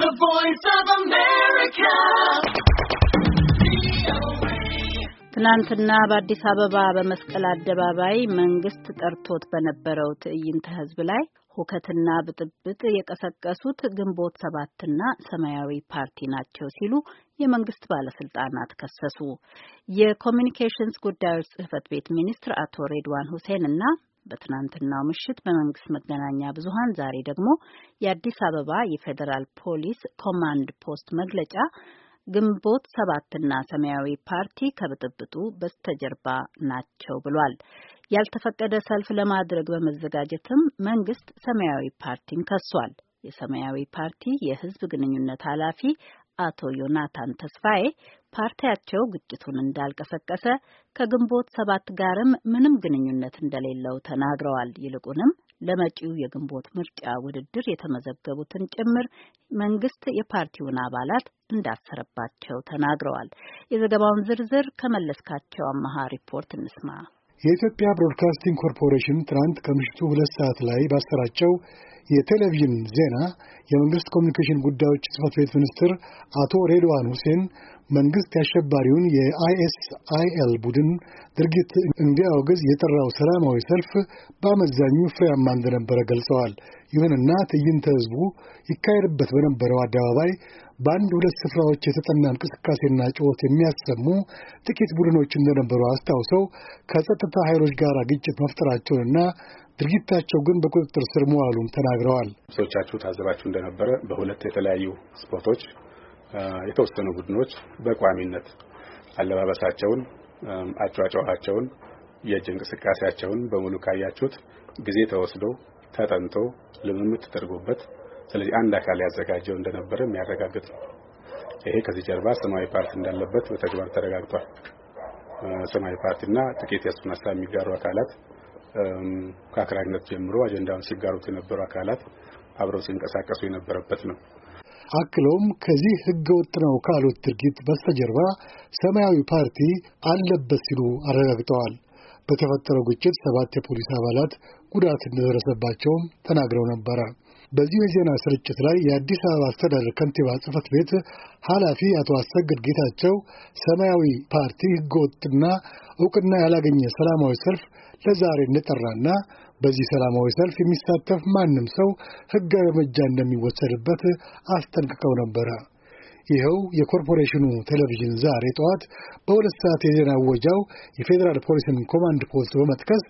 The Voice of America. ትናንትና በአዲስ አበባ በመስቀል አደባባይ መንግስት ጠርቶት በነበረው ትዕይንተ ህዝብ ላይ ሁከትና ብጥብጥ የቀሰቀሱት ግንቦት ሰባትና ሰማያዊ ፓርቲ ናቸው ሲሉ የመንግስት ባለስልጣናት ከሰሱ። የኮሚኒኬሽንስ ጉዳዮች ጽህፈት ቤት ሚኒስትር አቶ ሬድዋን ሁሴን እና በትናንትናው ምሽት በመንግስት መገናኛ ብዙሃን ዛሬ ደግሞ የአዲስ አበባ የፌዴራል ፖሊስ ኮማንድ ፖስት መግለጫ ግንቦት ሰባትና ሰማያዊ ፓርቲ ከብጥብጡ በስተጀርባ ናቸው ብሏል። ያልተፈቀደ ሰልፍ ለማድረግ በመዘጋጀትም መንግስት ሰማያዊ ፓርቲን ከሷል። የሰማያዊ ፓርቲ የህዝብ ግንኙነት ኃላፊ አቶ ዮናታን ተስፋዬ ፓርቲያቸው ግጭቱን እንዳልቀሰቀሰ ከግንቦት ሰባት ጋርም ምንም ግንኙነት እንደሌለው ተናግረዋል። ይልቁንም ለመጪው የግንቦት ምርጫ ውድድር የተመዘገቡትን ጭምር መንግስት የፓርቲውን አባላት እንዳሰረባቸው ተናግረዋል። የዘገባውን ዝርዝር ከመለስካቸው አመሃ ሪፖርት እንስማ። የኢትዮጵያ ብሮድካስቲንግ ኮርፖሬሽን ትናንት ከምሽቱ ሁለት ሰዓት ላይ ባሰራጨው የቴሌቪዥን ዜና የመንግሥት ኮሚኒኬሽን ጉዳዮች ጽሕፈት ቤት ሚኒስትር አቶ ሬድዋን ሁሴን መንግሥት የአሸባሪውን የአይኤስአይኤል ቡድን ድርጊት እንዲያወግዝ የጠራው ሰላማዊ ሰልፍ በአመዛኙ ፍሬያማ እንደነበረ ገልጸዋል። ይሁንና ትዕይንተ ህዝቡ ይካሄድበት በነበረው አደባባይ በአንድ ሁለት ስፍራዎች የተጠና እንቅስቃሴና ጩኸት የሚያሰሙ ጥቂት ቡድኖች እንደነበሩ አስታውሰው ከጸጥታ ኃይሎች ጋር ግጭት መፍጠራቸውንና ድርጊታቸው ግን በቁጥጥር ስር መዋሉን ተናግረዋል። ሰዎቻችሁ ታዘባችሁ እንደነበረ በሁለት የተለያዩ ስፖቶች የተወሰኑ ቡድኖች በቋሚነት አለባበሳቸውን፣ አጫጫኋቸውን፣ የእጅ እንቅስቃሴያቸውን በሙሉ ካያችሁት ጊዜ ተወስዶ ተጠንቶ ልምምድ ተደርጎበት ስለዚህ አንድ አካል ያዘጋጀው እንደነበረ የሚያረጋግጥ ነው። ይሄ ከዚህ ጀርባ ሰማያዊ ፓርቲ እንዳለበት በተግባር ተረጋግጧል። ሰማያዊ ፓርቲና ጥቂት የእሱን ሀሳብ የሚጋሩ አካላት ከአክራሪነት ጀምሮ አጀንዳውን ሲጋሩት የነበሩ አካላት አብረው ሲንቀሳቀሱ የነበረበት ነው። አክለውም ከዚህ ህገ ወጥ ነው ካሉት ድርጊት በስተጀርባ ሰማያዊ ፓርቲ አለበት ሲሉ አረጋግጠዋል። በተፈጠረው ግጭት ሰባት የፖሊስ አባላት ጉዳት እንደደረሰባቸውም ተናግረው ነበረ። በዚሁ የዜና ስርጭት ላይ የአዲስ አበባ አስተዳደር ከንቲባ ጽፈት ቤት ኃላፊ አቶ አሰግድ ጌታቸው ሰማያዊ ፓርቲ ህገወጥና እውቅና ያላገኘ ሰላማዊ ሰልፍ ለዛሬ እንደጠራና በዚህ ሰላማዊ ሰልፍ የሚሳተፍ ማንም ሰው ህጋዊ እርምጃ እንደሚወሰድበት አስጠንቅቀው ነበረ። ይኸው የኮርፖሬሽኑ ቴሌቪዥን ዛሬ ጠዋት በሁለት ሰዓት የዜና ወጃው የፌዴራል ፖሊስን ኮማንድ ፖስት በመጥቀስ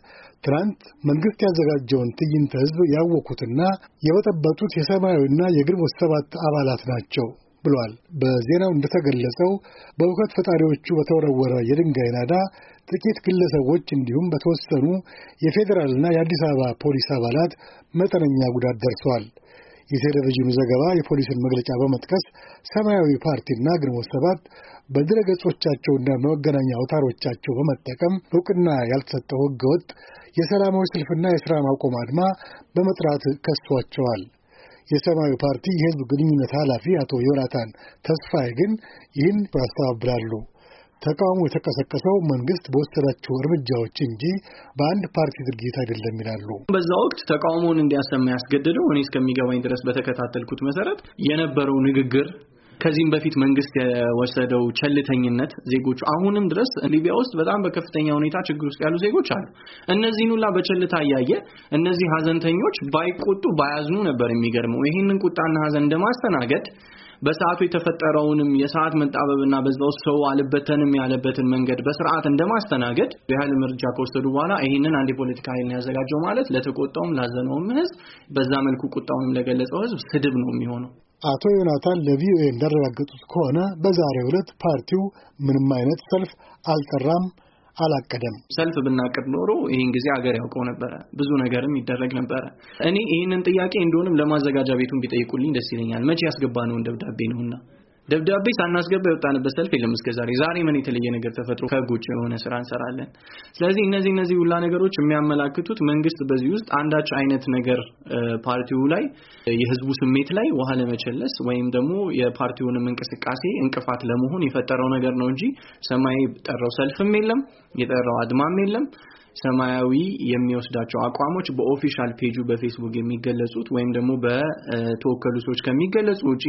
ትናንት መንግስት ያዘጋጀውን ትዕይንተ ህዝብ ያወቁትና የበጠበጡት የሰማያዊና የግንቦት ሰባት አባላት ናቸው ብሏል። በዜናው እንደተገለጸው በእውከት ፈጣሪዎቹ በተወረወረ የድንጋይ ናዳ ጥቂት ግለሰቦች እንዲሁም በተወሰኑ የፌዴራልና የአዲስ አበባ ፖሊስ አባላት መጠነኛ ጉዳት ደርሰዋል። የቴሌቪዥኑ ዘገባ የፖሊስን መግለጫ በመጥቀስ ሰማያዊ ፓርቲና ግንቦት ሰባት በድረ ገጾቻቸውና በመገናኛ አውታሮቻቸው በመጠቀም እውቅና ያልተሰጠው ህገወጥ የሰላማዊ ሰልፍና የሥራ ማቆም አድማ በመጥራት ከሷቸዋል። የሰማያዊ ፓርቲ የህዝብ ግንኙነት ኃላፊ አቶ ዮናታን ተስፋዬ ግን ይህን ያስተባብላሉ። ተቃውሞ የተቀሰቀሰው መንግስት በወሰዳቸው እርምጃዎች እንጂ በአንድ ፓርቲ ድርጊት አይደለም ይላሉ። በዛ ወቅት ተቃውሞውን እንዲያሰማ ያስገደደው እኔ እስከሚገባኝ ድረስ በተከታተልኩት መሰረት የነበረው ንግግር ከዚህም በፊት መንግስት የወሰደው ቸልተኝነት ዜጎቹ አሁንም ድረስ ሊቢያ ውስጥ በጣም በከፍተኛ ሁኔታ ችግር ውስጥ ያሉ ዜጎች አሉ። እነዚህን ሁላ በቸልታ እያየ እነዚህ ሀዘንተኞች ባይቆጡ ባያዝኑ ነበር የሚገርመው። ይህንን ቁጣና ሀዘን እንደማስተናገድ በሰዓቱ የተፈጠረውንም የሰዓት መጣበብና በዛው ሰው አልበተንም ያለበትን መንገድ በስርዓት እንደማስተናገድ የኃይል እርምጃ ከወሰዱ በኋላ ይህንን አንድ የፖለቲካ ኃይል ነው ያዘጋጀው ማለት ለተቆጣውም ላዘነውም ህዝብ በዛ መልኩ ቁጣውንም ለገለጸው ህዝብ ስድብ ነው የሚሆነው። አቶ ዮናታን ለቪኦኤ እንዳረጋገጡት ከሆነ በዛሬው ዕለት ፓርቲው ምንም አይነት ሰልፍ አልጠራም አላቀደም። ሰልፍ ብናቅድ ኖሮ ይህን ጊዜ አገር ያውቀው ነበረ፣ ብዙ ነገርም ይደረግ ነበረ። እኔ ይህንን ጥያቄ እንደሆንም ለማዘጋጃ ቤቱን ቢጠይቁልኝ ደስ ይለኛል። መቼ ያስገባ ነውን ደብዳቤ ነውና ደብዳቤ ሳናስገባ የወጣንበት ሰልፍ የለም እስከ ዛሬ። ዛሬ ምን የተለየ ነገር ተፈጥሮ ከህግ ውጭ የሆነ ስራ እንሰራለን? ስለዚህ እነዚህ እነዚህ ሁላ ነገሮች የሚያመላክቱት መንግስት በዚህ ውስጥ አንዳች አይነት ነገር ፓርቲው ላይ የህዝቡ ስሜት ላይ ውሃ ለመቸለስ ወይም ደግሞ የፓርቲውንም እንቅስቃሴ እንቅፋት ለመሆን የፈጠረው ነገር ነው እንጂ ሰማይ ጠራው ሰልፍም የለም የጠራው አድማም የለም። ሰማያዊ የሚወስዳቸው አቋሞች በኦፊሻል ፔጁ በፌስቡክ የሚገለጹት ወይም ደግሞ በተወከሉ ሰዎች ከሚገለጹ ውጪ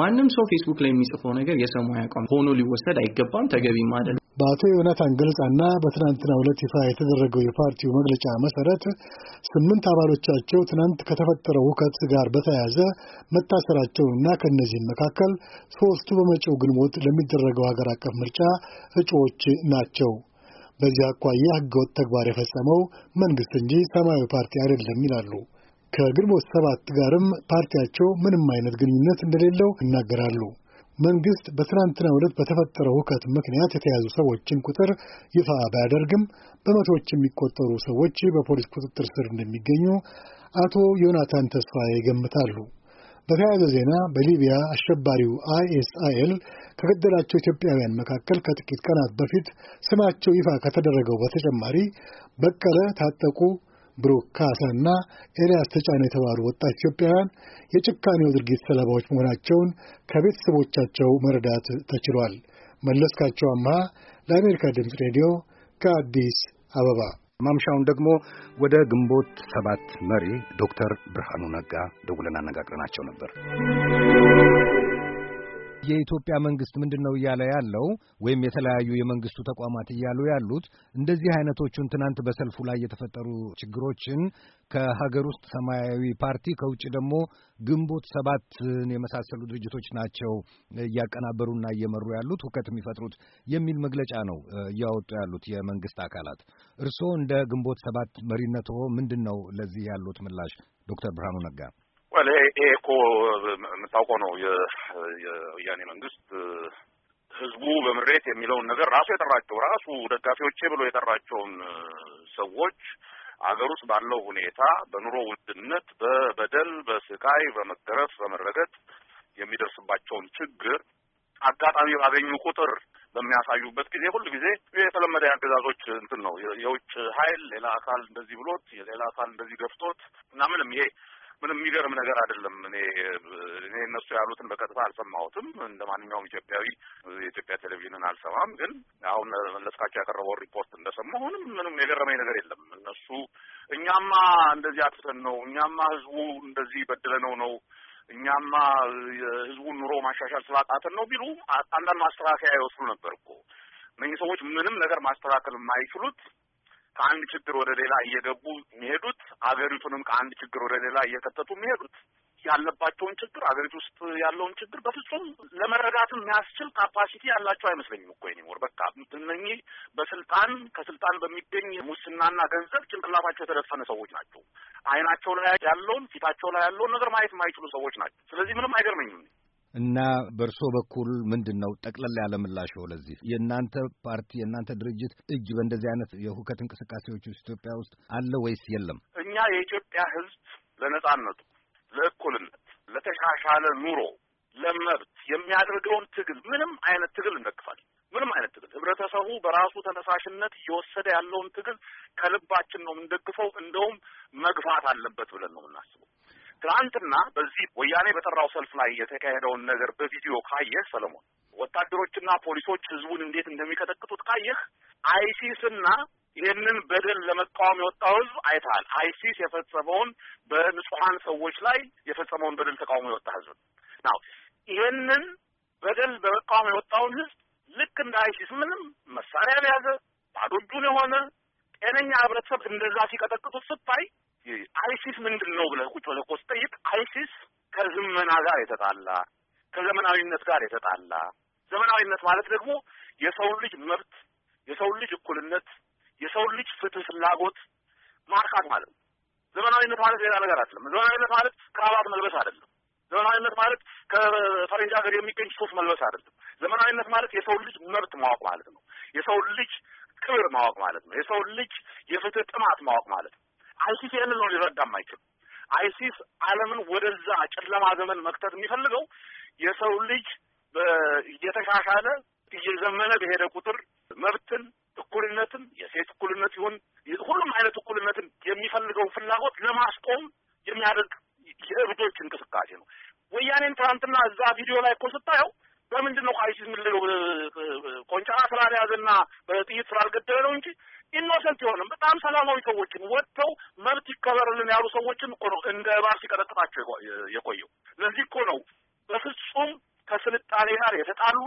ማንም ሰው ፌስቡክ ላይ የሚጽፈው ነገር የሰማያዊ አቋም ሆኖ ሊወሰድ አይገባም፣ ተገቢም አይደለም። በአቶ ዮናታን ገለጻና በትናንትናው ዕለት ይፋ የተደረገው የፓርቲው መግለጫ መሰረት ስምንት አባሎቻቸው ትናንት ከተፈጠረው ሁከት ጋር በተያያዘ መታሰራቸውንና ከእነዚህም መካከል ሶስቱ በመጪው ግንቦት ለሚደረገው ሀገር አቀፍ ምርጫ እጩዎች ናቸው። በዚህ አኳያ ህገወጥ ተግባር የፈጸመው መንግስት እንጂ ሰማያዊ ፓርቲ አይደለም ይላሉ። ከግንቦት ሰባት ጋርም ፓርቲያቸው ምንም አይነት ግንኙነት እንደሌለው ይናገራሉ። መንግስት በትናንትና ዕለት በተፈጠረው ሁከት ምክንያት የተያዙ ሰዎችን ቁጥር ይፋ ባያደርግም በመቶዎች የሚቆጠሩ ሰዎች በፖሊስ ቁጥጥር ስር እንደሚገኙ አቶ ዮናታን ተስፋዬ ይገምታሉ። በተያያዘ ዜና በሊቢያ አሸባሪው አይኤስአይኤል ከገደላቸው ኢትዮጵያውያን መካከል ከጥቂት ቀናት በፊት ስማቸው ይፋ ከተደረገው በተጨማሪ በቀለ ታጠቁ፣ ብሩክ ካሳ እና ኤልያስ ተጫነ የተባሉ ወጣት ኢትዮጵያውያን የጭካኔው ድርጊት ሰለባዎች መሆናቸውን ከቤተሰቦቻቸው መረዳት ተችሏል። መለስካቸው አምሃ ለአሜሪካ ድምፅ ሬዲዮ ከአዲስ አበባ ማምሻውን ደግሞ ወደ ግንቦት ሰባት መሪ ዶክተር ብርሃኑ ነጋ ደውለን አነጋግረናቸው ነበር። የኢትዮጵያ መንግስት ምንድን ነው እያለ ያለው ወይም የተለያዩ የመንግስቱ ተቋማት እያሉ ያሉት እንደዚህ አይነቶቹን ትናንት በሰልፉ ላይ የተፈጠሩ ችግሮችን ከሀገር ውስጥ ሰማያዊ ፓርቲ ከውጭ ደግሞ ግንቦት ሰባትን የመሳሰሉ ድርጅቶች ናቸው እያቀናበሩና እየመሩ ያሉት ሁከት የሚፈጥሩት የሚል መግለጫ ነው እያወጡ ያሉት የመንግስት አካላት። እርስዎ እንደ ግንቦት ሰባት መሪነቶ ምንድን ነው ለዚህ ያሉት ምላሽ ዶክተር ብርሃኑ ነጋ? መቀበል ይሄ እኮ የምታውቀው ነው። የወያኔ መንግስት ህዝቡ በምሬት የሚለውን ነገር ራሱ የጠራቸው ራሱ ደጋፊዎቼ ብሎ የጠራቸውን ሰዎች አገር ውስጥ ባለው ሁኔታ በኑሮ ውድነት፣ በበደል፣ በስቃይ፣ በመገረፍ፣ በመረገጥ የሚደርስባቸውን ችግር አጋጣሚ ባገኙ ቁጥር በሚያሳዩበት ጊዜ ሁል ጊዜ የተለመደ አገዛዞች እንትን ነው የውጭ ኃይል ሌላ አካል እንደዚህ ብሎት የሌላ አካል እንደዚህ ገፍቶት ምናምንም ይሄ ምንም የሚገርም ነገር አይደለም። እኔ እኔ እነሱ ያሉትን በቀጥታ አልሰማሁትም። እንደ ማንኛውም ኢትዮጵያዊ የኢትዮጵያ ቴሌቪዥንን አልሰማም። ግን አሁን መለስካቸው ያቀረበውን ሪፖርት እንደሰማሁ አሁንም ምንም የገረመኝ ነገር የለም። እነሱ እኛማ እንደዚህ አትተን ነው፣ እኛማ ህዝቡ እንደዚህ በድለነው ነው እኛማ ህዝቡን ኑሮ ማሻሻል ስላቃተን ነው ቢሉ አንዳንድ ማስተካከያ ይወስዱ ነበር እኮ እነዚህ ሰዎች ምንም ነገር ማስተካከል የማይችሉት ከአንድ ችግር ወደ ሌላ እየገቡ የሚሄዱት አገሪቱንም ከአንድ ችግር ወደ ሌላ እየከተቱ የሚሄዱት ያለባቸውን ችግር አገሪቱ ውስጥ ያለውን ችግር በፍጹም ለመረዳትም የሚያስችል ካፓሲቲ ያላቸው አይመስለኝም እኮ ኒሞር በቃ እነኚህ በስልጣን ከስልጣን በሚገኝ ሙስናና ገንዘብ ጭንቅላታቸው የተደፈነ ሰዎች ናቸው። አይናቸው ላይ ያለውን ፊታቸው ላይ ያለውን ነገር ማየት የማይችሉ ሰዎች ናቸው። ስለዚህ ምንም አይገርመኝም። እና በእርሶ በኩል ምንድን ነው ጠቅለል ያለ ምላሽ ለዚህ የእናንተ ፓርቲ የእናንተ ድርጅት እጅ በእንደዚህ አይነት የሁከት እንቅስቃሴዎች ውስጥ ኢትዮጵያ ውስጥ አለ ወይስ የለም? እኛ የኢትዮጵያ ሕዝብ ለነጻነቱ፣ ለእኩልነት፣ ለተሻሻለ ኑሮ፣ ለመብት የሚያደርገውን ትግል ምንም አይነት ትግል እንደግፋለን። ምንም አይነት ትግል ህብረተሰቡ በራሱ ተነሳሽነት እየወሰደ ያለውን ትግል ከልባችን ነው የምንደግፈው። እንደውም መግፋት አለበት ብለን ነው የምናስበው። ትናንትና በዚህ ወያኔ በጠራው ሰልፍ ላይ የተካሄደውን ነገር በቪዲዮ ካየህ ሰለሞን፣ ወታደሮችና ፖሊሶች ህዝቡን እንዴት እንደሚቀጠቅጡት ካየህ አይሲስና ይህንን በደል ለመቃወም የወጣው ህዝብ አይተሃል። አይሲስ የፈጸመውን በንጹሐን ሰዎች ላይ የፈጸመውን በደል ተቃውሞ የወጣ ህዝብ ነው። ይህንን በደል በመቃወም የወጣውን ህዝብ ልክ እንደ አይሲስ ምንም መሳሪያ የያዘ ባዶ እጁን የሆነ ጤነኛ ህብረተሰብ እንደዛ ሲቀጠቅጡት ስታይ አይሲስ ምንድን ነው ብለህ ቁጭ ብለህ እኮ ስጠይቅ አይሲስ ከዝመና ጋር የተጣላ ከዘመናዊነት ጋር የተጣላ ዘመናዊነት ማለት ደግሞ የሰውን ልጅ መብት፣ የሰውን ልጅ እኩልነት፣ የሰውን ልጅ ፍትህ ፍላጎት ማርካት ማለት ነው። ዘመናዊነት ማለት ሌላ ነገር አይደለም። ዘመናዊነት ማለት ክራባት መልበስ አይደለም። ዘመናዊነት ማለት ከፈረንጅ ሀገር የሚገኝ ሱፍ መልበስ አይደለም። ዘመናዊነት ማለት የሰውን ልጅ መብት ማወቅ ማለት ነው። የሰውን ልጅ ክብር ማወቅ ማለት ነው። የሰውን ልጅ የፍትህ ጥማት ማወቅ ማለት ነው። አይሲስ ይህንን ነው ሊረዳም አይችልም። አይሲስ ዓለምን ወደዛ ጨለማ ዘመን መክተት የሚፈልገው የሰው ልጅ እየተሻሻለ እየዘመነ በሄደ ቁጥር መብትን፣ እኩልነትን፣ የሴት እኩልነት ይሁን ሁሉም አይነት እኩልነትን የሚፈልገውን ፍላጎት ለማስቆም የሚያደርግ የእብዶች እንቅስቃሴ ነው። ወያኔን ትናንትና እዛ ቪዲዮ ላይ እኮ ስታየው በምንድን ነው አይሲስ የምንለው ቆንጫራ ስላልያዘና በጥይት ስላልገደለ ነው እንጂ ኢኖሰንት የሆንም በጣም ሰላማዊ ሰዎችን ወጥተው መብት ይከበርልን ያሉ ሰዎችም እኮ ነው እንደ እባብ ሲቀጠቅጣቸው የቆየው። ለዚህ እኮ ነው በፍጹም ከስልጣኔ ጋር የተጣሉ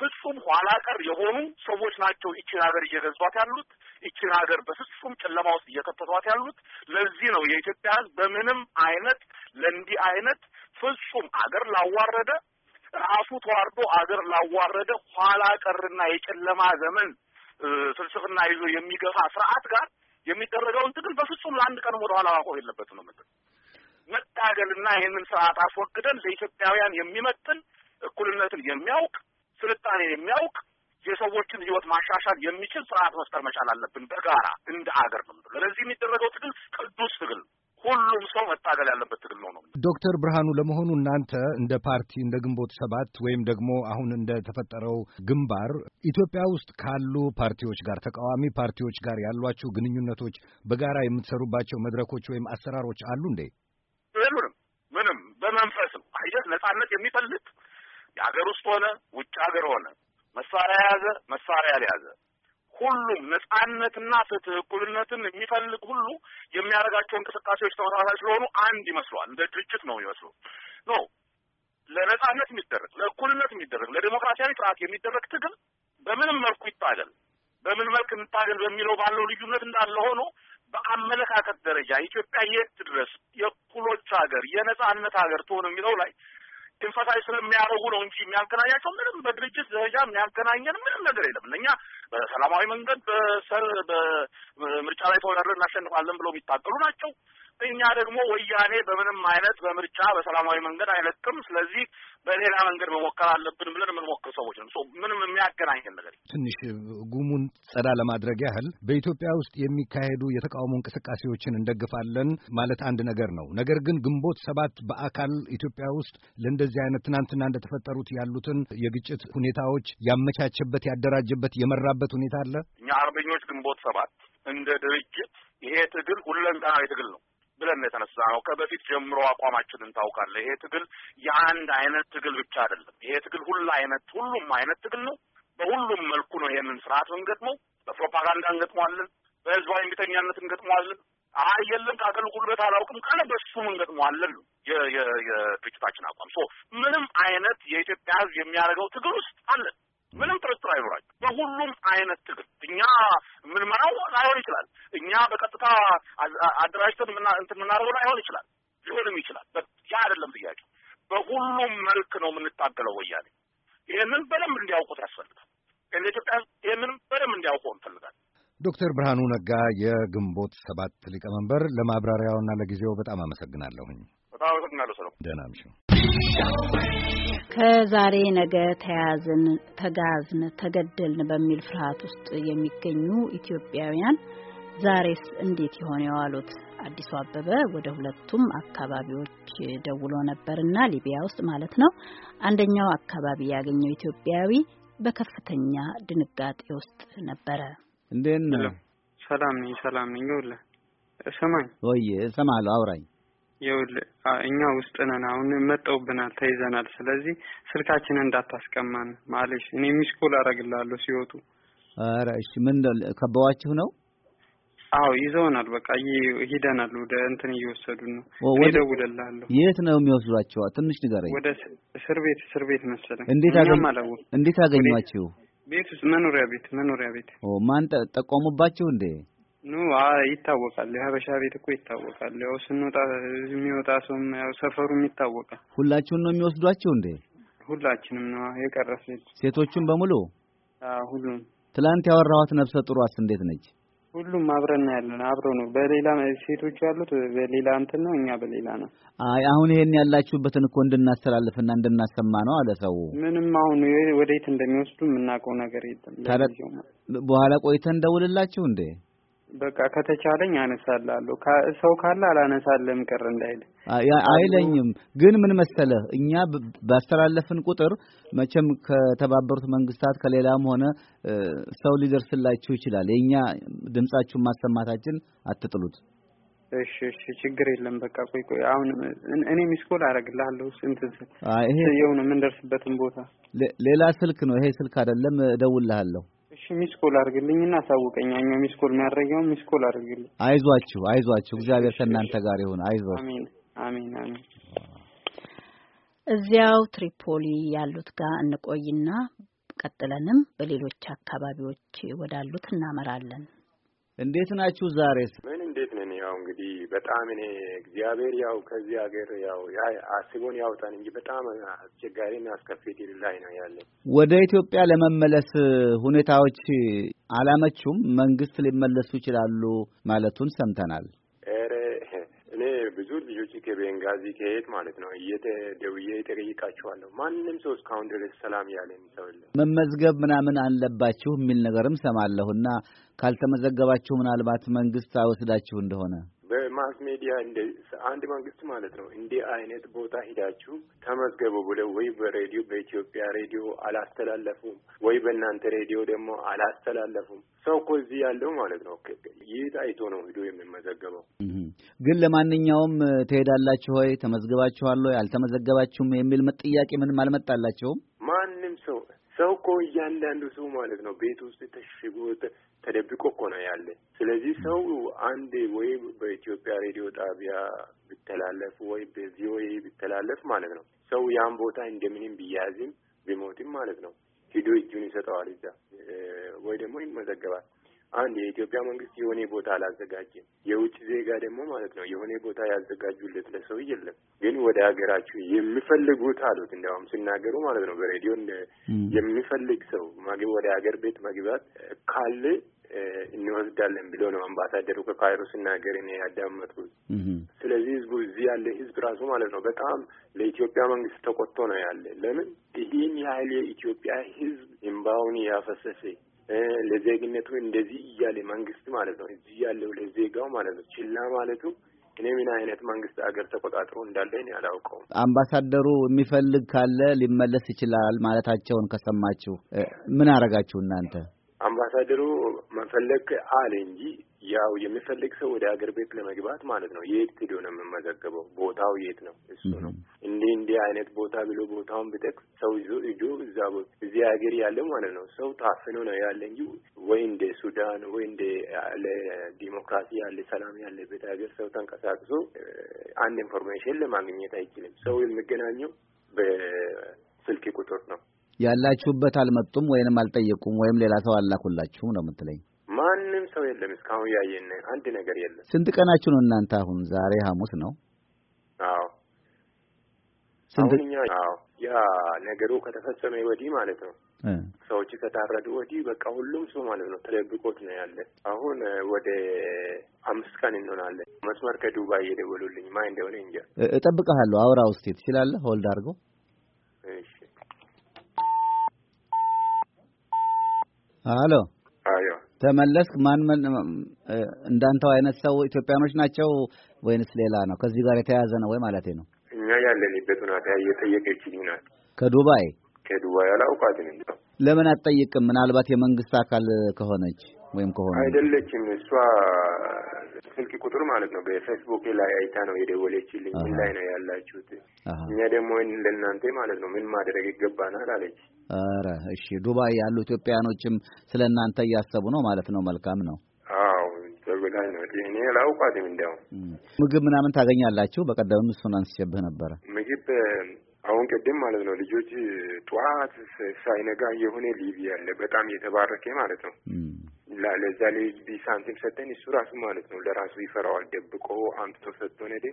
ፍጹም ኋላ ቀር የሆኑ ሰዎች ናቸው ይችን ሀገር እየገዟት ያሉት፣ ይችን ሀገር በፍጹም ጨለማ ውስጥ እየከተቷት ያሉት። ለዚህ ነው የኢትዮጵያ ሕዝብ በምንም አይነት ለእንዲህ አይነት ፍጹም አገር ላዋረደ ራሱ ተዋርዶ አገር ላዋረደ ኋላ ቀርና የጨለማ ዘመን ፍልስፍና ይዞ የሚገፋ ስርዓት ጋር የሚደረገውን ትግል በፍጹም ለአንድ ቀን ወደ ኋላ ማቆም የለበት ነው የምልህ። መታገልና ይህንን ስርዓት አስወግደን ለኢትዮጵያውያን የሚመጥን እኩልነትን የሚያውቅ ስልጣኔን የሚያውቅ የሰዎችን ህይወት ማሻሻል የሚችል ስርዓት መፍጠር መቻል አለብን በጋራ እንደ አገር ነው። ስለዚህ የሚደረገው ትግል ቅዱስ ትግል ነው። ሁሉም ሰው መታገል ያለበት ትግል ነው ነው። ዶክተር ብርሃኑ ለመሆኑ እናንተ እንደ ፓርቲ እንደ ግንቦት ሰባት ወይም ደግሞ አሁን እንደ ተፈጠረው ግንባር ኢትዮጵያ ውስጥ ካሉ ፓርቲዎች ጋር ተቃዋሚ ፓርቲዎች ጋር ያሏችሁ ግንኙነቶች፣ በጋራ የምትሰሩባቸው መድረኮች ወይም አሰራሮች አሉ እንዴ? የሉንም። ምንም በመንፈስም ነው። ነጻነት የሚፈልግ የሀገር ውስጥ ሆነ ውጭ ሀገር ሆነ መሳሪያ የያዘ መሳሪያ ያልያዘ ሁሉም ነጻነትና ፍትህ እኩልነትን የሚፈልግ ሁሉ የሚያደርጋቸው እንቅስቃሴዎች ተመሳሳይ ስለሆኑ አንድ ይመስሏል። እንደ ድርጅት ነው ይመስሉ ኖ ለነጻነት የሚደረግ ለእኩልነት የሚደረግ ለዲሞክራሲያዊ ስርዓት የሚደረግ ትግል በምንም መልኩ ይታገል በምን መልክ እንታገል በሚለው ባለው ልዩነት እንዳለ ሆኖ በአመለካከት ደረጃ ኢትዮጵያ የት ድረስ የእኩሎች ሀገር የነጻነት ሀገር ትሆን የሚለው ላይ ትንፈሳዊ ስለሚያደርጉ ነው እንጂ የሚያገናኛቸው ምንም በድርጅት ደረጃ የሚያገናኘን ምንም ነገር የለም። እኛ በሰላማዊ መንገድ በሰር በምርጫ ላይ ተወዳድረን እናሸንፋለን ብለው የሚታገሉ ናቸው። እኛ ደግሞ ወያኔ በምንም አይነት በምርጫ በሰላማዊ መንገድ አይለቅም። ስለዚህ በሌላ መንገድ መሞከር አለብን ብለን የምንሞክር ሰዎች ነው። ምንም የሚያገናኘን ነገር ትንሽ ጉሙን ጸዳ ለማድረግ ያህል በኢትዮጵያ ውስጥ የሚካሄዱ የተቃውሞ እንቅስቃሴዎችን እንደግፋለን ማለት አንድ ነገር ነው። ነገር ግን ግንቦት ሰባት በአካል ኢትዮጵያ ውስጥ ለእንደዚህ አይነት ትናንትና እንደተፈጠሩት ያሉትን የግጭት ሁኔታዎች ያመቻቸበት፣ ያደራጀበት፣ የመራበት ሁኔታ አለ። እኛ አርበኞች ግንቦት ሰባት እንደ ድርጅት ይሄ ትግል ሁለንተናዊ ትግል ነው። ብለን የተነሳ ነው። ከበፊት ጀምሮ አቋማችን ታውቃለ። ይሄ ትግል የአንድ አይነት ትግል ብቻ አይደለም። ይሄ ትግል ሁሉ አይነት ሁሉም አይነት ትግል ነው። በሁሉም መልኩ ነው ይሄንን ስርዓት እንገጥመው። በፕሮፓጋንዳ እንገጥመዋለን። በህዝባዊ እምቢተኛነት እንገጥመዋለን። አይ የለም ከአገር ጉልበት አላውቅም ካለ በሱም እንገጥመዋለን ነው የድርጅታችን አቋም። ሶ ምንም አይነት የኢትዮጵያ ህዝብ የሚያደርገው ትግል ውስጥ አለን። ምንም ጥርጥር አይኖራቸው። በሁሉም አይነት ትግል እኛ የምንመራው ላይሆን ይችላል። እኛ በቀጥታ አደራጅተን እንትን የምናደርገው ላይሆን ይችላል፣ ሊሆንም ይችላል። ያ አይደለም ጥያቄ። በሁሉም መልክ ነው የምንታገለው ወያኔ። ይህንን በደንብ እንዲያውቁት ያስፈልጋል። ኢትዮጵያ ይህንን በደንብ እንዲያውቁ እንፈልጋል። ዶክተር ብርሃኑ ነጋ የግንቦት ሰባት ሊቀመንበር፣ ለማብራሪያውና ለጊዜው በጣም አመሰግናለሁኝ። በጣም አመሰግናለሁ ሰለሞን። ደህና እምሽው። ከዛሬ ነገ ተያዝን፣ ተጋዝን፣ ተገደልን በሚል ፍርሃት ውስጥ የሚገኙ ኢትዮጵያውያን ዛሬስ እንዴት ይሆን የዋሉት? አዲሱ አበበ ወደ ሁለቱም አካባቢዎች ደውሎ ነበርና ሊቢያ ውስጥ ማለት ነው። አንደኛው አካባቢ ያገኘው ኢትዮጵያዊ በከፍተኛ ድንጋጤ ውስጥ ነበረ። እንዴት ነው? ሰላም ነኝ፣ ሰላም ነኝ። ይኸውልህ ወይ እሰማለሁ፣ አውራኝ የውል እኛ ውስጥ ነን። አሁን መጠውብናል፣ ተይዘናል። ስለዚህ ስልካችንን እንዳታስቀማን ማለሽ። እኔ ሚስኮል አደርግልሃለሁ ሲወጡ። ኧረ እሺ። ምን ከበዋችሁ ነው? አዎ ይዘውናል። በቃ ሂደናል። ወደ እንትን እየወሰዱን ነው። እደውልልሃለሁ። የት ነው የሚወስዷቸው? ትንሽ ንገረኝ። ወደ እስር ቤት። እስር ቤት መሰለኝ። እንዴት እንዴት አገኟችሁ? ቤት ውስጥ፣ መኖሪያ ቤት። መኖሪያ ቤት። ኦ ማን ጠቆሙባችሁ እንዴ? ኑ ይታወቃል። የሀበሻ ቤት እኮ ይታወቃል። ያው ስንወጣ የሚወጣ ሰውም ያው ሰፈሩም ይታወቃል። ሁላችሁን ነው የሚወስዷቸው እንዴ? ሁላችንም ነው የቀረ ሴት ሴቶቹን በሙሉ ሁሉም። ትላንት ያወራኋት ነፍሰ ጥሯስ እንዴት ነች? ሁሉም አብረን ያለን አብረው ነው። በሌላ ሴቶቹ ያሉት በሌላ እንትን ነው፣ እኛ በሌላ ነው። አይ አሁን ይሄን ያላችሁበትን እኮ እንድናስተላልፍና እንድናሰማ ነው አለ ሰው። ምንም አሁን ወዴት እንደሚወስዱ የምናውቀው ነገር የለም። በኋላ ቆይተን እንደውልላችሁ እንዴ በቃ ከተቻለኝ አነሳላለሁ። ሰው ካለ አላነሳለም ቅር እንዳይል አይለኝም። ግን ምን መሰለህ እኛ ባስተላለፍን ቁጥር መቼም ከተባበሩት መንግስታት ከሌላም ሆነ ሰው ሊደርስላችሁ ይችላል። የእኛ ድምጻችሁን ማሰማታችን አትጥሉት። እሺ፣ እሺ፣ ችግር የለም። በቃ ቆይ ቆይ፣ አሁን እኔ ሚስኮል አደርግልሃለሁ። እንትን ይሄ የምንደርስበትን ቦታ ሌላ ስልክ ነው ይሄ ስልክ አይደለም፣ እደውልልሃለሁ እሺ ሚስኮል አድርግልኝና አሳውቀኝ። ያኛው ሚስኮል የሚያደርገው ሚስኮል አድርግልኝ። አይዟችሁ አይዟችሁ፣ እግዚአብሔር ከእናንተ ጋር ይሁን። አይዞ አሜን አሜን አሜን። እዚያው ትሪፖሊ ያሉት ጋር እንቆይና ቀጥለንም በሌሎች አካባቢዎች ወዳሉት እናመራለን። እንዴት ናችሁ ዛሬስ? ምን እንዴት ነን? ያው እንግዲህ በጣም እኔ እግዚአብሔር ያው ከዚህ ሀገር ያው አስቦን ያውጣን እንጂ በጣም አስቸጋሪና አስከፊት ላይ ነው ያለ። ወደ ኢትዮጵያ ለመመለስ ሁኔታዎች አላመቹም። መንግስት ሊመለሱ ይችላሉ ማለቱን ሰምተናል። ቤንጋዚ ከየት ማለት ነው እየተደውዬ እጠይቃችኋለሁ። ማንም ሰው እስካሁን ድረስ ሰላም ያለን ሰው የለም። መመዝገብ ምናምን አለባችሁ የሚል ነገርም ሰማለሁና ካልተመዘገባችሁ ምናልባት መንግስት አይወስዳችሁ እንደሆነ በማስ ሜዲያ እንደ አንድ መንግስት ማለት ነው እንዲህ አይነት ቦታ ሂዳችሁ ተመዝገቡ ብለው ወይ በሬዲዮ በኢትዮጵያ ሬዲዮ አላስተላለፉም፣ ወይ በእናንተ ሬዲዮ ደግሞ አላስተላለፉም። ሰው እኮ እዚህ ያለው ማለት ነው ይህ ታይቶ ነው ሂዶ የሚመዘገበው። ግን ለማንኛውም ትሄዳላችሁ ሆይ ተመዝግባችኋለሁ ያልተመዘገባችሁም የሚል ጥያቄ ምንም አልመጣላቸውም። እያንዳንዱ ሰው ማለት ነው ቤት ውስጥ ተሽጎ ተደብቆ እኮ ነው ያለ። ስለዚህ ሰው አንድ ወይ በኢትዮጵያ ሬዲዮ ጣቢያ ቢተላለፍ ወይ በቪኦኤ ቢተላለፍ ማለት ነው ሰው ያን ቦታ እንደምንም ቢያዝም ቢሞትም ማለት ነው ሂዶ እጁን ይሰጠዋል እዛ ወይ ደግሞ ይመዘገባል። አንድ የኢትዮጵያ መንግስት የሆነ ቦታ አላዘጋጅም። የውጭ ዜጋ ደግሞ ማለት ነው የሆነ ቦታ ያዘጋጁለት ለሰው የለም። ግን ወደ ሀገራችሁ የሚፈልጉት አሉት። እንዲያውም ሲናገሩ ማለት ነው በሬዲዮ የሚፈልግ ሰው ወደ ሀገር ቤት መግባት ካለ እንወስዳለን ብሎ ነው አምባሳደሩ ከካይሮ ሲናገር እኔ ያዳመጥኩት። ስለዚህ ህዝቡ እዚህ ያለ ህዝብ ራሱ ማለት ነው በጣም ለኢትዮጵያ መንግስት ተቆጥቶ ነው ያለ። ለምን ይህን ያህል የኢትዮጵያ ህዝብ እምባውን ያፈሰሰ ለዜግነቱ እንደዚህ እያለ መንግስት ማለት ነው እዚህ ያለው ለዜጋው ማለት ነው ችላ ማለቱ እኔ ምን አይነት መንግስት አገር ተቆጣጥሮ እንዳለ እኔ አላውቀውም። አምባሳደሩ የሚፈልግ ካለ ሊመለስ ይችላል ማለታቸውን ከሰማችሁ ምን አረጋችሁ እናንተ? አምባሳደሩ መፈለግ አለ እንጂ ያው የሚፈልግ ሰው ወደ ሀገር ቤት ለመግባት ማለት ነው። የት ሄዶ ነው የምመዘገበው? ቦታው የት ነው? እሱ ነው እንዲህ እንዲህ አይነት ቦታ ብሎ ቦታውን ብጠቅስ ሰው ይዞ እጆ እዛ እዚህ ሀገር ያለ ማለት ነው። ሰው ታፍኖ ነው ያለ እንጂ ወይ እንደ ሱዳን ወይ እንደ ዲሞክራሲ ያለ ሰላም ያለበት ሀገር ሰው ተንቀሳቅሶ አንድ ኢንፎርሜሽን ለማግኘት አይችልም። ሰው የሚገናኘው በስልክ ቁጥር ነው። ያላችሁበት አልመጡም ወይንም አልጠየቁም ወይም ሌላ ሰው አላኩላችሁ ነው የምትለኝ? ሰው የለም። እስካሁን ያየን አንድ ነገር የለም። ስንት ቀናችሁ ነው እናንተ? አሁን ዛሬ ሐሙስ ነው። አዎ አሁንኛ አዎ ያ ነገሩ ከተፈጸመ ወዲህ ማለት ነው ሰዎች ከታረዱ ወዲህ በቃ ሁሉም ሰው ማለት ነው ተደብቆት ነው ያለ። አሁን ወደ አምስት ቀን እንሆናለን። መስመር ከዱባይ እየደወሉልኝ ማ እንደሆነ እንጃ። እጠብቅሃለሁ። አውራ ውስጥ ትችላለህ። ሆልድ አድርገው። አሎ ተመለስክ ማን እንዳንተው አይነት ሰው ኢትዮጵያኖች ናቸው ወይንስ ሌላ ነው? ከዚህ ጋር የተያያዘ ነው ወይ ማለት ነው? እኛ ያለንበት ሁኔታ የጠየቀችኝ ናት። ከዱባይ ከዱባይ አላውቃትም። ለምን አትጠይቅም? ምናልባት የመንግስት አካል ከሆነች ወይም ከሆነ አይደለችም። እሷ ስልክ ቁጥር ማለት ነው በፌስቡክ ላይ አይታ ነው የደወለችልኝ። ምን ላይ ነው ያላችሁት? እኛ ደግሞ ለእናንተ ማለት ነው ምን ማድረግ ይገባናል አለች። አረ እሺ። ዱባይ ያሉ ኢትዮጵያኖችም ስለ እናንተ እያሰቡ ነው ማለት ነው። መልካም ነው። አዎ ተብላኝ ነው። እኔ አላውቃትም። እንዲያውም ምግብ ምናምን ታገኛላችሁ? በቀደምም እሱን አንስቼብህ ነበረ ምግብ አሁን ቅድም ማለት ነው ልጆች ጠዋት ሳይነጋ የሆነ ሊቪ ያለ በጣም የተባረከ ማለት ነው ለዛ ላይ ሳንቲም ሰጠን እሱ ራሱ ማለት ነው ለራሱ ይፈራዋል። ደብቆ አምጥቶ ሰጥቶን ሄደ።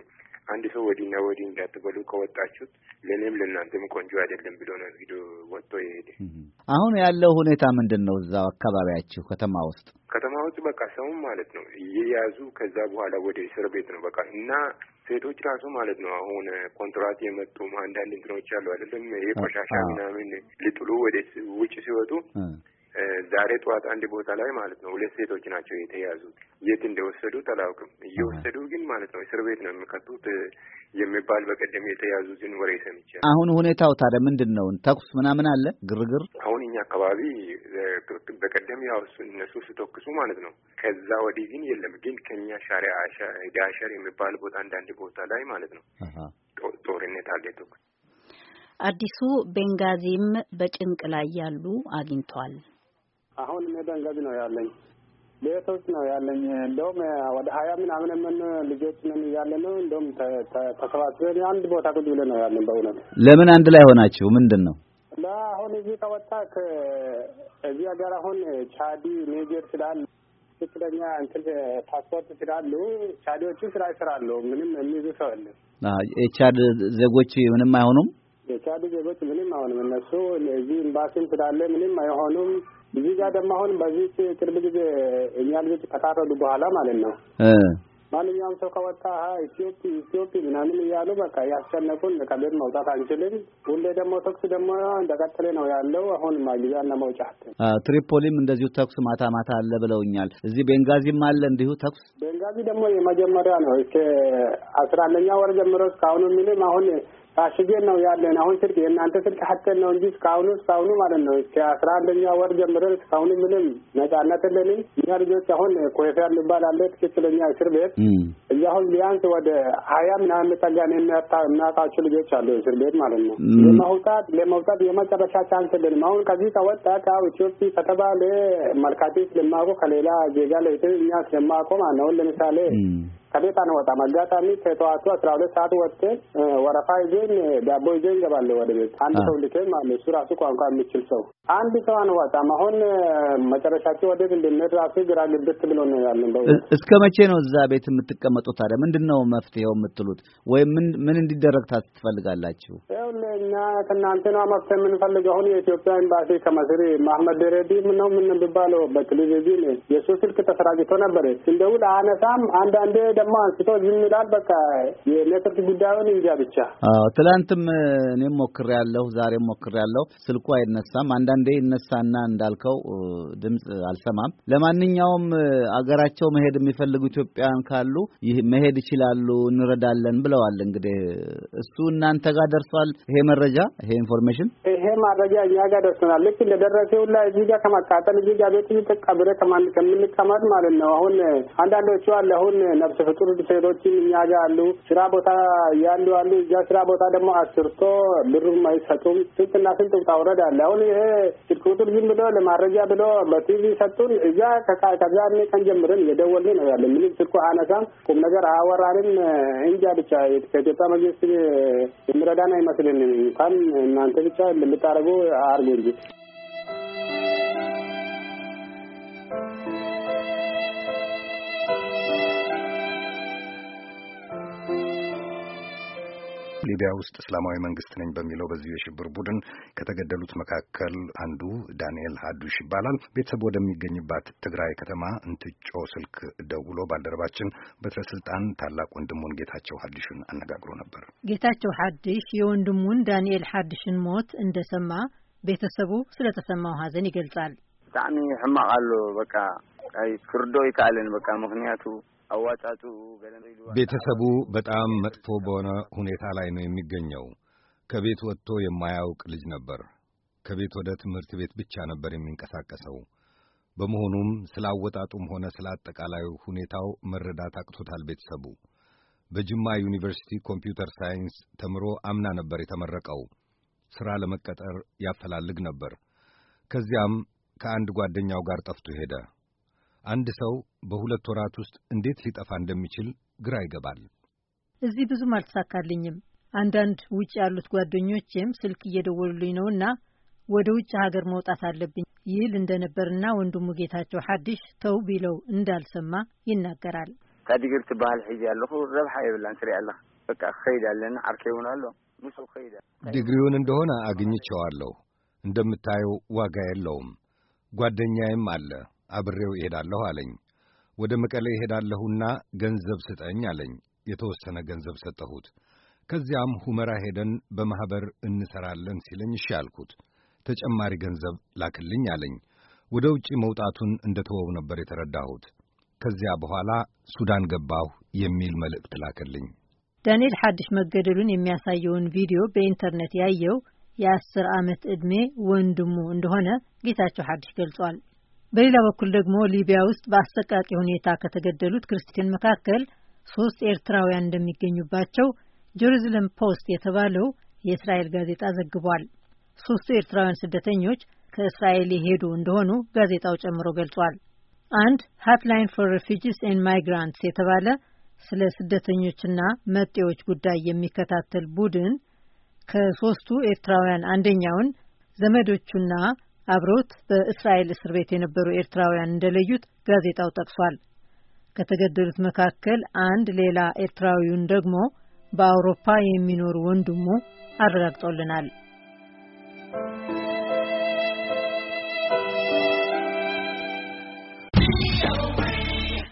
አንድ ሰው ወዲና ወዲ እንዳትበሉ ከወጣችሁት ለእኔም ለእናንተም ቆንጆ አይደለም ብሎ ነው ሂዶ ወጥቶ የሄደ። አሁን ያለው ሁኔታ ምንድን ነው? እዛው አካባቢያችሁ ከተማ ውስጥ ከተማ ውስጥ በቃ ሰውም ማለት ነው እየያዙ ከዛ በኋላ ወደ እስር ቤት ነው በቃ እና ሴቶች ራሱ ማለት ነው አሁን ኮንትራት የመጡም አንዳንድ እንትኖች አሉ አይደለም ይሄ ቆሻሻ ምናምን ልጥሉ ወደ ውጭ ሲወጡ ዛሬ ጠዋት አንድ ቦታ ላይ ማለት ነው ሁለት ሴቶች ናቸው የተያዙት። የት እንደወሰዱት አላውቅም። እየወሰዱ ግን ማለት ነው እስር ቤት ነው የሚከቱት የሚባል በቀደም የተያዙትን ወሬ ሰምቻለሁ። አሁን ሁኔታው ታዲያ ምንድን ነው? ተኩስ ምናምን አለ ግርግር? አሁን እኛ አካባቢ በቀደም ያው እነሱ ስተኩሱ ማለት ነው። ከዛ ወዲህ ግን የለም። ግን ከኛ ሻሪ ዳሸር የሚባል ቦታ አንዳንድ ቦታ ላይ ማለት ነው ጦርነት አለ ተኩስ። አዲሱ ቤንጋዚም በጭንቅ ላይ ያሉ አግኝቷል። አሁን ሜዳን ደንገቢ ነው ያለኝ ቤቶች ነው ያለኝ። እንደውም ወደ ሀያ ምናምን ምን ልጆች ምን እያለ ነው። እንደውም ተሰባስበን አንድ ቦታ ቁጭ ብለን ነው ያለን። በእውነት ለምን አንድ ላይ ሆናችሁ ምንድን ነው ለአሁን እዚህ ከወጣ እዚህ ሀገር አሁን ቻዲ ሜጀር ስላሉ ትክክለኛ እንትን ፓስፖርት ስላሉ ቻዲዎቹ ስራ ይሰራሉ። ምንም የሚይዙ ሰው የለም። የቻድ ዜጎች ምንም አይሆኑም። የቻድ ዜጎች ምንም አይሆኑም። እነሱ እዚህ ኤምባሲም ስላለ ምንም አይሆኑም። እዚህ ጋር ደግሞ አሁን በዚህ ቅርብ ጊዜ እኛ ልጆች ከታረዱ በኋላ ማለት ነው ማንኛውም ሰው ከወጣ ኢትዮፒ ኢትዮፒ ምናምን እያሉ በቃ እያስጨነቁን ከቤት መውጣት አንችልም። ሁሌ ደግሞ ተኩስ ደግሞ እንደቀጠለ ነው ያለው። አሁን ማግዛና መውጫት ትሪፖሊም እንደዚሁ ተኩስ ማታ ማታ አለ ብለውኛል። እዚህ ቤንጋዚም አለ እንዲሁ ተኩስ። ቤንጋዚ ደግሞ የመጀመሪያ ነው እስከ አስራ አንደኛ ወር ጀምሮ እስካሁኑ የሚልም አሁን ታሽጌን ነው ያለን። አሁን ስልክ የእናንተ ስልክ ሀተን ነው እንጂ እስካሁኑ እስካሁኑ ማለት ነው ከአስራ አንደኛ ወር ጀምረን እስካሁኑ ምንም ነጻነት የለንም እኛ ልጆች። አሁን ኮፌር የሚባል አለ ትክክለኛ እስር ቤት እዚ አሁን ቢያንስ ወደ ሀያ ምናምን ጠጋን የሚያጣቸው ልጆች አሉ እስር ቤት ማለት ነው። ለመውጣት ለመውጣት የመጨረሻ ቻንስ የለንም። አሁን ከዚህ ከወጣ ከው ኢትዮጵያ ከተባለ መልካቴ ስለማውቀው ከሌላ ዜጋ ለቤት እኛ ስለማውቀው ማለት ነው። ለምሳሌ ከቤት አንወጣም። አጋጣሚ ከጠዋቱ አስራ ሁለት ሰዓት ወጥተን ወረፋ ይዘን ዳቦ ይዘን እንገባለን ወደ ቤት። አንድ ሰው ልከን አለ እሱ ራሱ ቋንቋ የሚችል ሰው አንድ ሰው አንወጣም። አሁን መጨረሻቸው ወደት እንድንሄድ ራሱ ግራ ግብት ብሎ ነው ያለን። እስከ መቼ ነው እዛ ቤት የምትቀመጡት? ታዲያ ምንድን ነው መፍትሄው የምትሉት ወይም ምን ምን እንዲደረግ ታስ ትፈልጋላችሁ? እኛ ከእናንተ ነው መፍትሄ የምንፈልገው። አሁን የኢትዮጵያ ኤምባሲ ከመስሪ ማህመድ ደሬዲ ነው ምን ብባለው በቴሌቪዥን የእሱ ስልክ ተሰራጭቶ ነበር። ስንደውል አነሳም አንዳንዴ ደግሞ አንስቶ ዝም ይላል። በቃ የኔትወርክ ጉዳዩን እንጃ ብቻ። አዎ ትላንትም እኔም ሞክሬያለሁ፣ ዛሬም ሞክሬያለሁ። ስልኩ አይነሳም። አንዳንዴ ይነሳና እንዳልከው ድምፅ አልሰማም። ለማንኛውም አገራቸው መሄድ የሚፈልጉ ኢትዮጵያውያን ካሉ ይህ መሄድ ይችላሉ፣ እንረዳለን ብለዋል። እንግዲህ እሱ እናንተ ጋር ደርሷል ይሄ መረጃ ይሄ ኢንፎርሜሽን ይሄ መረጃ እኛ ጋር ደርሶናል። ልክ እንደደረሰ ሁላ እዚህ ጋር ከማቃጠል እዚህ ጋር ቤት ተቀብረ ከምንቀመጥ ማለት ነው። አሁን አንዳንዶቹ አለ አሁን ነብስ ፍጡር ሴቶችም እኛ ጋር አሉ። ስራ ቦታ ያሉ አሉ። እዛ ስራ ቦታ ደግሞ አስርቶ ብሩም አይሰጡም። ስንትና ስንት ውጣ ውረድ አለ። አሁን ይሄ ስልክቱር ዝም ብሎ ለማረጃ ብሎ በቲቪ ሰጡን። እዛ ከዛ ቀን ጀምረን የደወልን ነው ያለ። ምንም ስልኩ አነሳም፣ ቁም ነገር አወራንም። እንጃ ብቻ ከኢትዮጵያ መንግስት የሚረዳን አይመስልንም። እንኳን እናንተ ብቻ ልምታደርጉ አርጉ እንጂ ሊቢያ ውስጥ እስላማዊ መንግስት ነኝ በሚለው በዚሁ የሽብር ቡድን ከተገደሉት መካከል አንዱ ዳንኤል ሀዱሽ ይባላል። ቤተሰብ ወደሚገኝባት ትግራይ ከተማ እንትጮ ስልክ ደውሎ ባልደረባችን በትረስልጣን ታላቅ ወንድሙን ጌታቸው ሀዱሽን አነጋግሮ ነበር። ጌታቸው ሀዲሽ የወንድሙን ዳንኤል ሀዱሽን ሞት እንደሰማ ቤተሰቡ ስለተሰማው ሀዘን ይገልጻል። ብጣዕሚ ሕማቅ ኣሎ በቃ ክርዶ ይከኣለን በቃ ምክንያቱ አዋጣጡ ቤተሰቡ በጣም መጥፎ በሆነ ሁኔታ ላይ ነው የሚገኘው። ከቤት ወጥቶ የማያውቅ ልጅ ነበር። ከቤት ወደ ትምህርት ቤት ብቻ ነበር የሚንቀሳቀሰው። በመሆኑም ስለ አወጣጡም ሆነ ስለ አጠቃላዩ ሁኔታው መረዳት አቅቶታል። ቤተሰቡ በጅማ ዩኒቨርሲቲ ኮምፒውተር ሳይንስ ተምሮ አምና ነበር የተመረቀው። ሥራ ለመቀጠር ያፈላልግ ነበር። ከዚያም ከአንድ ጓደኛው ጋር ጠፍቶ ሄደ። አንድ ሰው በሁለት ወራት ውስጥ እንዴት ሊጠፋ እንደሚችል ግራ ይገባል። እዚህ ብዙም አልተሳካልኝም። አንዳንድ ውጭ ያሉት ጓደኞቼም ስልክ እየደወሉልኝ ነውና ወደ ውጭ ሀገር መውጣት አለብኝ ይል እንደነበርና ወንድሙ ጌታቸው ሐዲሽ ተው ቢለው እንዳልሰማ ይናገራል። ካዲግር ትበሃል ሒዚ ያለሁ ረብሓ የብላን ስሪ ያለ በቃ ክኸይድ ኣለና ዓርከ ይውን ኣሎ ምስ ክኸይድ ዲግሪውን እንደሆነ አግኝቸዋለሁ። እንደምታየው ዋጋ የለውም። ጓደኛዬም አለ አብሬው እሄዳለሁ አለኝ። ወደ መቀሌ እሄዳለሁና ገንዘብ ስጠኝ አለኝ። የተወሰነ ገንዘብ ሰጠሁት። ከዚያም ሁመራ ሄደን በማኅበር እንሠራለን ሲለኝ እሺ አልኩት። ተጨማሪ ገንዘብ ላክልኝ አለኝ። ወደ ውጪ መውጣቱን እንደ ተወው ነበር የተረዳሁት። ከዚያ በኋላ ሱዳን ገባሁ የሚል መልእክት ላክልኝ። ዳንኤል ሐድሽ መገደሉን የሚያሳየውን ቪዲዮ በኢንተርኔት ያየው የአስር ዓመት ዕድሜ ወንድሙ እንደሆነ ጌታቸው ሐድሽ ገልጿል። በሌላ በኩል ደግሞ ሊቢያ ውስጥ በአሰቃቂ ሁኔታ ከተገደሉት ክርስቲያን መካከል ሶስት ኤርትራውያን እንደሚገኙባቸው ጀሩዝለም ፖስት የተባለው የእስራኤል ጋዜጣ ዘግቧል። ሶስቱ ኤርትራውያን ስደተኞች ከእስራኤል የሄዱ እንደሆኑ ጋዜጣው ጨምሮ ገልጿል። አንድ ሃትላይን ፎር ሬፊጂስ ኤን ማይግራንትስ የተባለ ስለ ስደተኞችና መጤዎች ጉዳይ የሚከታተል ቡድን ከሶስቱ ኤርትራውያን አንደኛውን ዘመዶቹና አብረውት በእስራኤል እስር ቤት የነበሩ ኤርትራውያን እንደለዩት ጋዜጣው ጠቅሷል። ከተገደሉት መካከል አንድ ሌላ ኤርትራዊውን ደግሞ በአውሮፓ የሚኖሩ ወንድሙ አረጋግጦልናል።